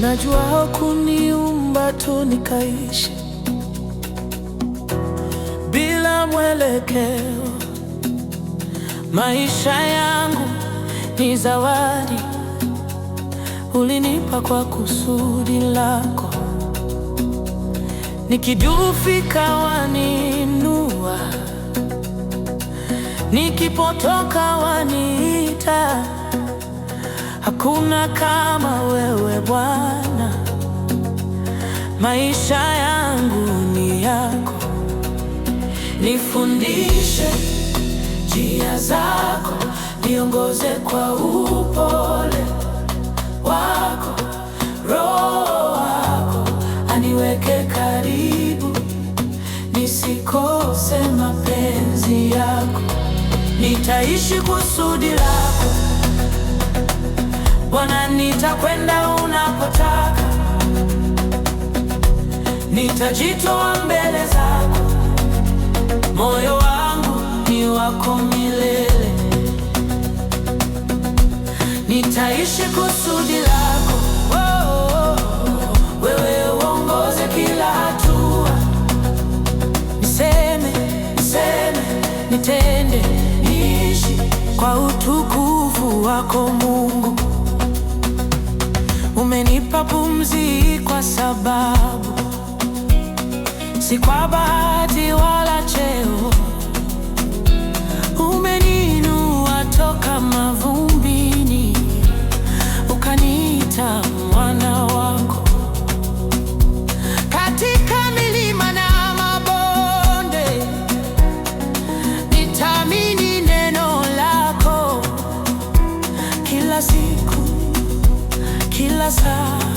Najua hukuniumba tu nikaishi bila mwelekeo. Maisha yangu ni zawadi ulinipa kwa kusudi lako, nikidufika waniinua, nikipotoka waniita Hakuna kama wewe Bwana, maisha yangu ni yako. Nifundishe njia zako, niongoze kwa upole wako. Roho wako aniweke karibu, nisikose mapenzi yako. Nitaishi kusudi lako Bwana, nitakwenda unapotaka, nitajitoa mbele zako, moyo wangu ni wako milele, nitaishi kusudi lako oh, Nitende niishi kwa utukufu wako Mungu. Umenipa pumzi kwa sababu, si kwa bahati wala cheo. umeninua toka mavumbini, ukaniita mwana wako. Katika milima na mabonde, nitaamini neno lako kila siku. casa.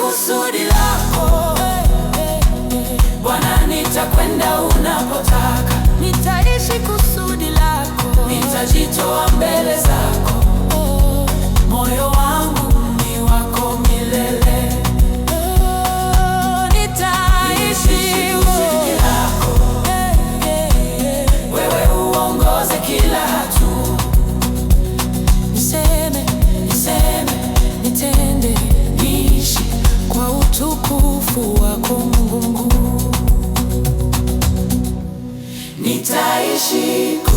kusudi lako Bwana, nitakwenda unapotaka, nitaishi kusudi lako, nitajitoa mbele utukufu wako Mungu nitaishi